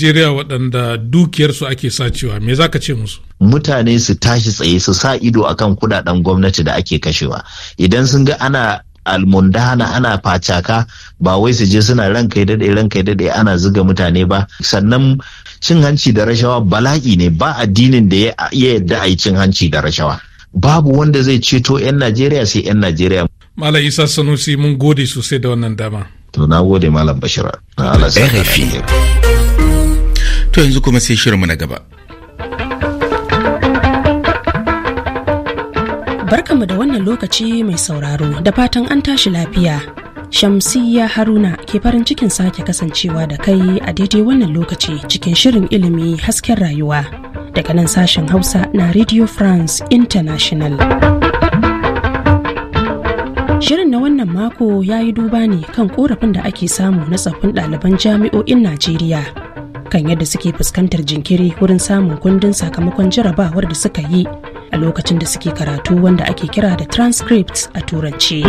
Najeriya waɗanda dukiyarsu ake sacewa me zaka ce musu? Mutane su tashi tsaye su sa ido akan kuɗaɗen gwamnati da ake kashewa. Idan sun ga ana almundana ana facaka ba wai su je suna ranka kai daɗe ranka kai daɗe ana zuga mutane ba sannan cin hanci da rashawa bala'i ne ba addinin da ya yadda a yi cin hanci da rashawa babu wanda zai ceto 'yan najeriya sai 'yan najeriya malam isa sanusi mun gode sosai da wannan dama to na gode malam bashira to yanzu kuma sai shirinmu na gaba barkamu da wannan lokaci mai sauraro da fatan an tashi lafiya shamsiyya haruna ke farin cikin sake kasancewa da kai a daidai wannan lokaci cikin shirin ilimi hasken rayuwa daga nan sashen hausa na radio france international Shirin na wannan mako ya yi duba ne kan korafin da ake samu na tsaffin ɗaliban jami'o'in Najeriya kan yadda suke fuskantar jinkiri wurin samun kundin sakamakon jarabawar da suka yi a lokacin da suke karatu wanda ake kira da transcripts a turanci.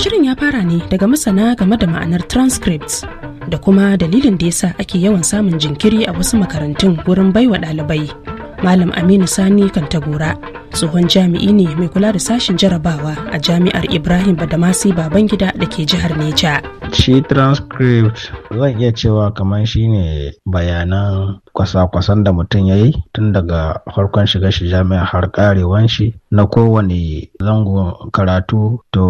shirin ya fara ne daga masana game da ma'anar transcripts da kuma dalilin da yasa ake yawan samun jinkiri a wasu makarantun wurin baiwa ɗalibai. Malam Aminu Sani kan tagora tsohon jami'i ne mai kula da sashen jarabawa a jami'ar Ibrahim Badamasi Babangida da ke jihar Neja. shi transcript zan iya cewa kamar ne bayanan kwasa-kwasan da mutum ya yi tun daga farkon shiga shi jami'a har karewan shi na kowane zango, karatu to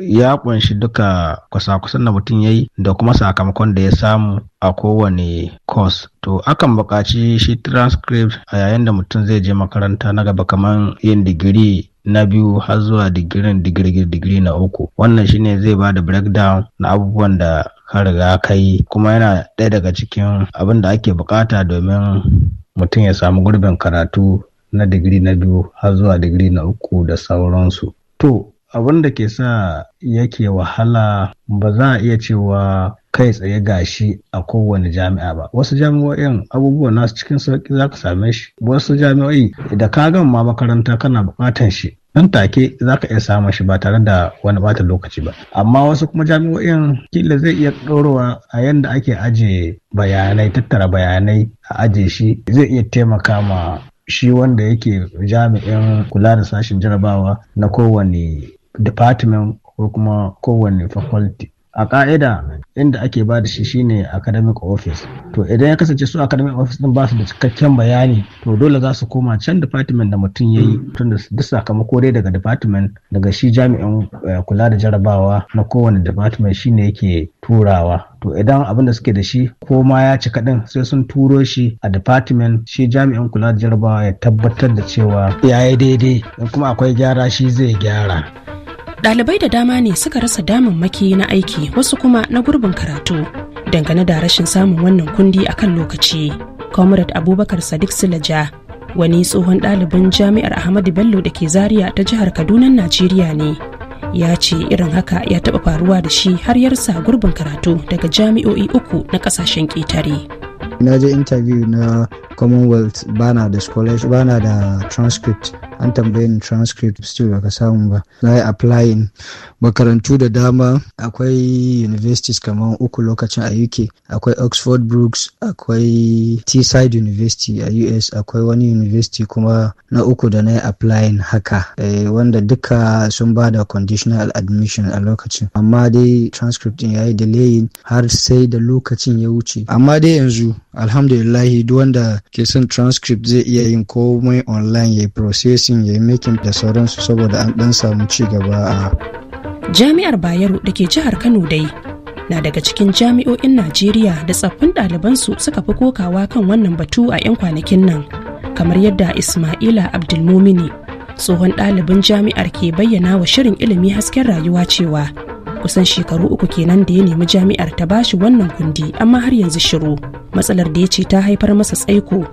ya kunshi duka kwasa-kwasan da mutum ya yi da kuma sakamakon da ya samu a kowane course to akan buƙaci shi transcript a yayin da mutum zai je makaranta na gaba kamar yin digiri na biyu har zuwa digirin digirgir digiri na uku wannan shi ne zai ba da breakdown na abubuwan da ka riga ka yi kuma yana ɗaya daga cikin abin da ake bukata domin mutum ya samu gurbin karatu na digiri na biyu har zuwa digiri na uku da sauransu to abin da ke sa yake wahala ba za a iya cewa kai tsaye gashi a kowane jami'a ba wasu jami'o'in abubuwa nasu cikin sauki za ka same shi wasu jami'o'i da ka gan ma makaranta kana bukatan shi nan take za ka iya samun shi ba tare da wani bata lokaci ba amma wasu kuma jami'o'in kila zai iya ɗorowa a yadda ake aje bayanai tattara bayanai a aje shi zai iya taimaka ma shi wanda yake jami'in kula da sashen jarabawa na kowane department ko kuma kowane faculty a ka'ida inda ake ba da shi shine academic office to idan ya kasance su academic office din ba su da cikakken bayani to dole za su koma can department da mutum ya yi tun da duk sakamako dai daga department daga shi jami'in eh, kula da jarabawa na kowane department shine yake turawa to idan abin da suke da shi ko ma ya cika din sai sun turo shi a department shi jami'in kula da jarabawa ya tabbatar da cewa ya yi daidai kuma akwai gyara shi zai gyara dalibai da dama ne suka rasa maki na aiki wasu kuma na gurbin karatu dangane da rashin samun wannan kundi a kan lokaci comrade abubakar sadiq silaja wani tsohon ɗalibin jami'ar ahmadu bello da ke zaria ta jihar kaduna najeriya ne ya ce irin haka ya taɓa faruwa da shi har yarsa gurbin karatu daga jami'o'i uku na ƙasashen ƙetare. na je interview na commonwealth bana da scholarship bana da transcript an tambaye ni transcript still baka samu ba na yi applying makarantu da dama akwai universities kamar uku lokacin a uk akwai oxford brooks akwai teesside university a us akwai wani university kuma na uku da na yi applying haka eh, wanda duka sun ba da conditional admission a lokacin amma dai transcript ya yi delaying har sai da lokacin ya wuce amma dai yanzu alhamdulillahi duk wanda ke son transcript zai iya yin komai online ya yi processing mutum ya yi da sauransu saboda an dan samu ci gaba a jami'ar bayero da ke jihar kano dai na daga cikin jami'o'in najeriya da tsaffin ɗalibansu suka fi kokawa kan wannan batu a 'yan kwanakin nan kamar yadda ismaila abdulmumini tsohon ɗalibin jami'ar ke bayyana wa shirin ilimi hasken rayuwa cewa kusan shekaru uku kenan da ya nemi jami'ar ta bashi wannan kundi amma har yanzu shiru matsalar da ya ce ta haifar masa tsaiko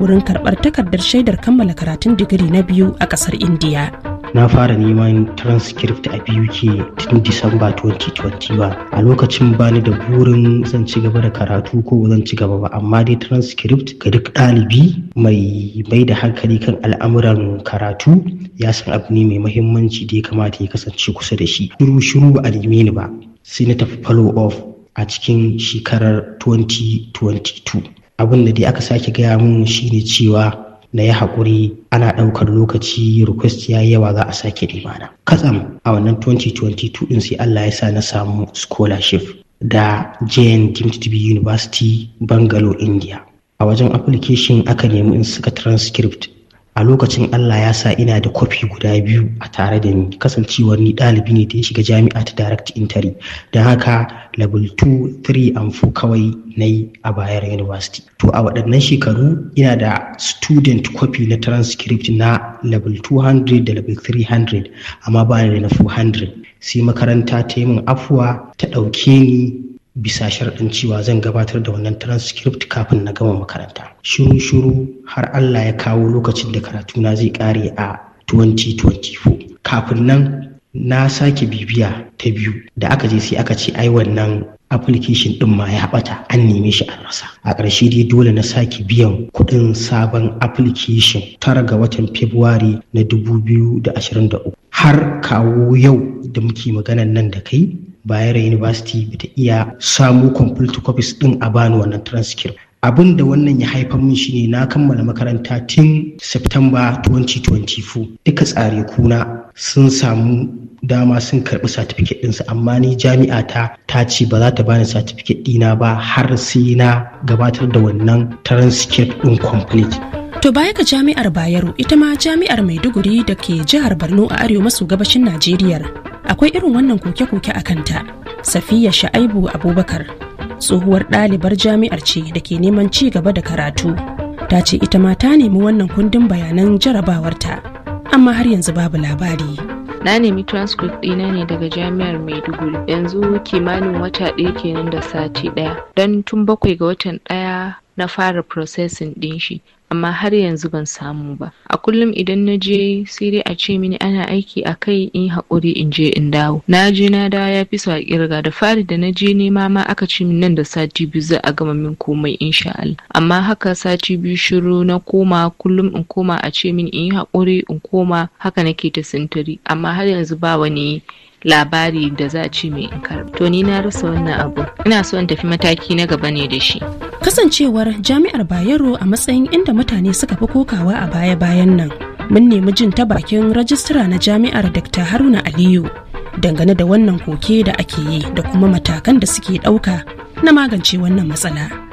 wurin karɓar takardar shaidar kammala karatun digiri na biyu a ƙasar indiya na fara neman transcript a BUK tun Disamba 2021 a lokacin bani da burin zan ci gaba da karatu ko zan ci gaba ba amma dai transcript ga duk ɗalibi mai bai da hankali kan al'amuran karatu ya san abu ne mai mahimmanci da ya kamata ya kasance kusa da shi shiru shiru ba a neme ni ba sai na tafi follow off" a cikin shekarar 2022 abin da dai aka sake gaya min shine cewa na yi haƙuri ana ɗaukar lokaci request ya yawa za a sake limana katsam a wannan 2022 ɗin sai allah ya sa na samu scholarship da jn dimtb university bangalore india a wajen application aka nemi in suka transcript a lokacin Allah ya sa ina da kwafi guda biyu a tare da ni kasancewar ni ɗalibi ne da ya shiga jami'a ta direct entry don haka level 2 3 and 4 kawai na yi a bayar university to a waɗannan shekaru ina da student kwafi na transcript na level 200 da level 300 amma ba da na 400 sai makaranta ta yi min afuwa ta ɗauke ni bisa sharɗin cewa zan gabatar da wannan transcript kafin na gama makaranta shiru shiru har Allah ya kawo lokacin da karatuna zai ƙare a 2024 kafin nan na sake bibiya ta biyu da aka je sai aka ce ai wannan application din ma ya haɓata, an neme shi a rasa a ƙarshe dai dole na sake biyan kuɗin sabon application tara ga watan february na 2023 har kawo yau da muke maganan nan da kai bayero university ba ta iya samu complete copies din a bani wannan transcript abin da wannan ya haifar min shine na kammala makaranta tun September 2024 duka tsare kuna sun samu dama sun karɓi satifiket ɗinsu amma ni jami'a ta ta ce ba za ta bani satifiket ɗina ba har sai na gabatar da wannan transcript ɗin complete. To baya ga jami'ar Bayero ita ma jami'ar Maiduguri da ke jihar Borno a arewa maso gabashin Najeriya akwai irin wannan koke-koke a kanta. Safiya Sha'aibu Abubakar tsohuwar ɗalibar jami'ar ce da ke neman ci gaba da karatu. Ta ce ita ma ta nemi wannan kundin bayanan jarabawarta amma har yanzu babu labari. Na nemi transcript ɗina ne daga Jami'ar Maiduguri. Yanzu kimanin wata ɗaya kenan da sati ɗaya. Don tun bakwai ga watan ɗaya na fara processing ɗin shi amma har yanzu ban samu ba a kullum idan na je sai dai a ce mini ana aiki a kai in haƙuri in je in dawo na je na dawo ya fi a kirga da fari da na je nema ma aka ce min nan da sati biyu za a gama min komai insha Allah amma haka sati biyu shiru na koma kullum in koma a ce min in yi haƙuri in koma haka nake ta sintiri amma har yanzu ba wani labari da za a ci mai in to ni na rasa wannan abu ina so in tafi mataki na gaba ne da shi kasancewar jami'ar bayero a matsayin inda mutane suka fi kokawa a baya-bayan nan mun nemi jin ta bakin rajistra na jami'ar dr haruna aliyu dangane da wannan koke da ake yi da kuma matakan da suke ɗauka na magance wannan matsala.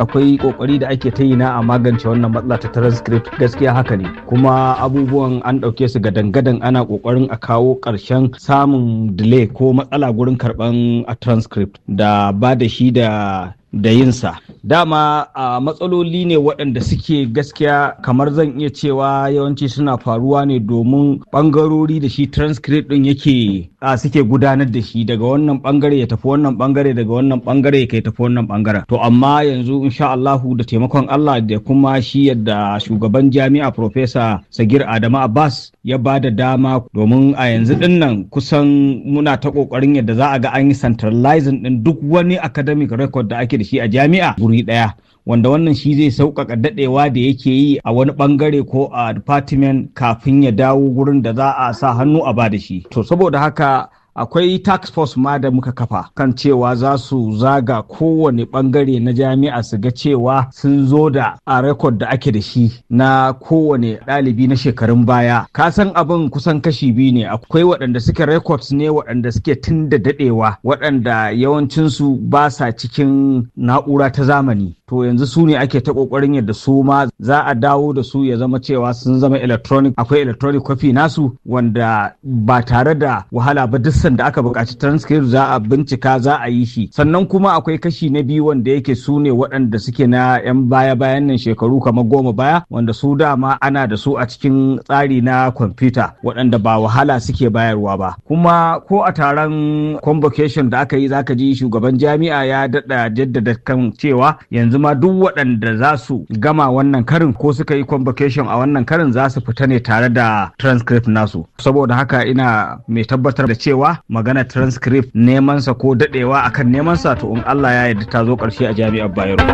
akwai kokari da ake ta yi na a magance wannan matsala ta transcript gaskiya haka ne kuma abubuwan an ɗauke su ga dangadan ana kokarin a kawo karshen samun delay ko matsala gurin karɓan a transcript da ba da shi da da yinsa dama a matsaloli ne waɗanda suke gaskiya kamar zan iya cewa yawanci suna faruwa ne domin ɓangarori da shi transcript ɗin yake a suke gudanar da shi daga wannan ɓangare ya tafi wannan ɓangare daga wannan ɓangare ya tafi wannan ɓangaren to amma yanzu insha Allahu da taimakon Allah da kuma shi yadda shugaban jami'a Professor Sagir Adamu Abbas ya ba da dama domin a yanzu dinnan kusan muna ta ƙoƙarin yadda za a ga an yi centralizing din duk wani academic record da ake da shi a jami'a guri ɗaya wanda wannan shi zai sauƙaƙa daɗewa da yake yi a wani ɓangare ko a department kafin ya dawo gurin da za a sa hannu a ba da shi to saboda haka akwai tax force ma da muka kafa kan cewa za su zaga kowane bangare na jami'a su ga cewa sun zo da a rekod da ake da shi na kowane ɗalibi na shekarun baya ka san abin kusan kashi biyu ne akwai waɗanda suke records ne waɗanda suke tun da daɗewa waɗanda yawancinsu ba sa cikin na'ura ta zamani to yanzu su ne ake ta kokarin yadda su ma za a dawo da su ya zama cewa sun zama electronic akwai electronic copy nasu wanda ba tare da wahala ba duk darussan da aka buƙaci transcript za a bincika za a yi shi sannan kuma akwai kashi na biyu wanda yake su ne waɗanda suke na 'yan baya bayan nan shekaru kamar goma baya wanda su dama ana da su a cikin tsari na kwamfuta waɗanda ba wahala suke bayarwa ba kuma ko a taron convocation da aka yi zaka ji shugaban jami'a ya daɗa jaddada kan cewa yanzu ma duk waɗanda za su gama wannan karin ko suka yi convocation a wannan karin za su fita ne tare da transcript nasu saboda haka ina mai tabbatar da cewa dadewa magana transcript neman sa ko dadewa akan neman sa to in Allah ya yarda ta zo karshe a jami'ar Bayero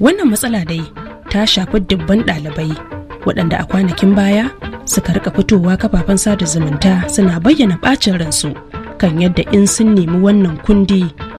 wannan matsala dai ta shafi dubban ɗalibai waɗanda a kwanakin baya suka rika fitowa kafafen sada zumunta suna bayyana ɓacin ransu kan yadda in sun nemi wannan kundi